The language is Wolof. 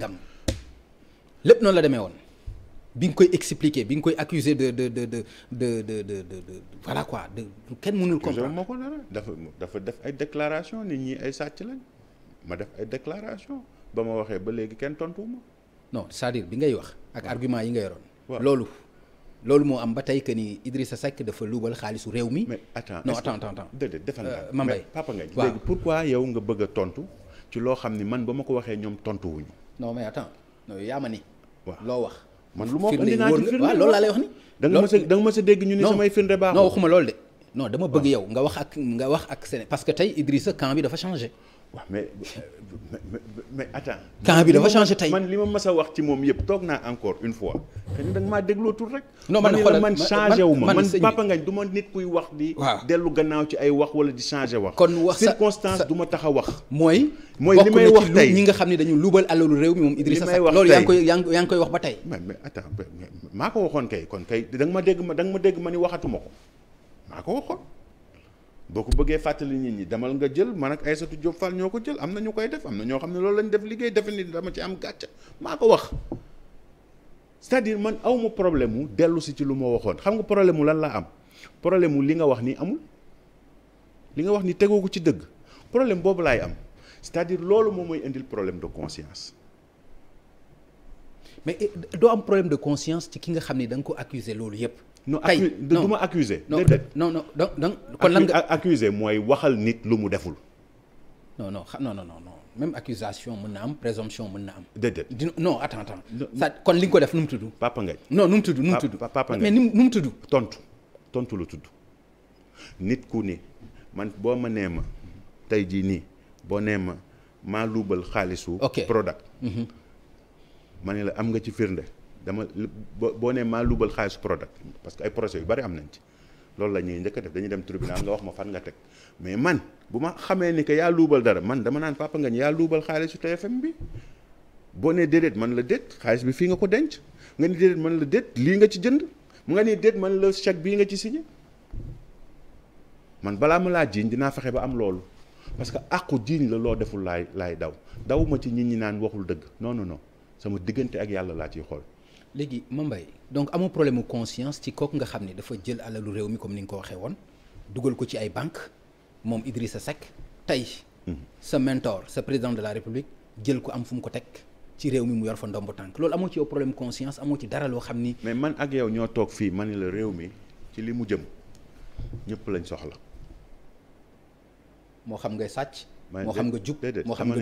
gàmm lépp noonu la demee woon bi nga koy expliquer bi nga koy accuser de de de de de de de de voilà quoi de kenn mënul comprendre moo ko dara dafa dafa def ay déclaration nit ñi ay sàcc ma def ay ba ma waxee ba léegi kenn tontuwuma non cest bi ngay wax ak argument yi nga yoroon waaw loolu loolu moo am ba tey que ni Idrissa Seck dafa luubal xaalisu réew mi. mais attends non attends attends déedéet defal naa euh, Mame Mbaye papa nga léegi pourquoi yow nga bëgg a tontu ci loo xam ni man ba ma ko waxee ñoom tontuwuñu non mais attends non yaa ma ni. waaw loo wax. man lu ma wax indi naa ci loolu laa lay wax ni. da ma sa da ma sa dégg ñu ne samay firnde baaxul non waxuma loolu de. non dama bëgg yow nga wax ak nga wax ak Séné parce que tey sa camp bi dafa changé. waaw euh, mais mais mais attends. bi dafa changé tey man li ma mës a wax ci moom yëpp toog naa encore une fois. xëy na maa dégloo tuut rek. non man man changé wu ma man Papa Ngagne du ma nit kuy wax di. waaw dellu gannaaw ci ay wax wala di changé wax. kon wax sa circonstance du wax. mooy. mooy li may wax tey ñi nga xam ne dañu luubal alalu réew mi moom Idrissa Seck yaa ngi koy yaa ngi koy wax ba tey. mais mais attends maa ko waxoon kay kon kay da ma dégg ma da ma dégg ma ni waxatuma ko maa ko waxoon boo ko bëggee fàttali nit ñi demal nga jël man ak Aïssatou Diop Fall ñoo ko jël am na ñu koy def am na ñoo xam ne loolu lañ def liggéey defe ni dama ci am gàcce maa ko wax c'est-à-dire man awma problème mu dellu si ci lu ma waxoon xam nga problème mu lan laa am problème mu li nga wax ni amul li nga wax ni tegoo ko ci dëgg problème boobu laay am cest à loolu moom mooy indil problème de conscience mais eh, doo am problème de conscience ci ki nga xam ne da nga ko accuser loolu yëpp. nu non du ma accuser déedéet non kon lan nga accuser mooy waxal nit lu mu deful. non non non non non même accusation mën na am présomption mën na am. déedéet non attends attends. ça kon li nga ko def nu mu tuddu Papa Ngagne non nu mu tuddu nu mu tudd. Papa Ngagne mais ni mu tudd. tontu tontu la tudd nit ku ni man boo ma nee ma tey jii nii boo nee ma maa luubal xaalisu. ok ma ne la am nga ci firnde dama boo nee maa lubal xaalisu parce que ay projets yu bari am nañ ci loolu la ñuy njëkk def dañuy dem tribunal nga wax ma fan nga teg mais man bu ma xamee ni que yaa luubal dara man dama naan papa nga ñu yaa luubal xaalisu TFM bi boo nee déedéet man la déet xaalis bi fii nga ko denc nga ni déedéet man la déet lii nga ci jënd mu nga ni déet man la chèque bii nga ci signé man balaa ma laa jiiñ dinaa fexe ba am loolu parce que àqu jiiñ la loo deful laay laay daw dawuma ci nit ñi naan waxul dëgg noonu non sama diggante ak yàlla laa ciy xool. léegi Mame Mbaye donc amoo problème mu conscience ci kooku nga xam ne dafa jël alalu réew mi comme ni nga ko waxee woon dugal ko ci ay banque moom Idrissa Seck tey. Mhm. sa mentor sa président de la République jël ko am fu mu ko teg ci réew mi mu yor fa ndomb tànk loolu amoo ci yow problème conscience amoo ci dara loo xam ni. mais man ak yow ñoo toog fii man ne la réew mi ci li mu jëm ñëpp lañ soxla. moo xam nga sàcc. moo xam nga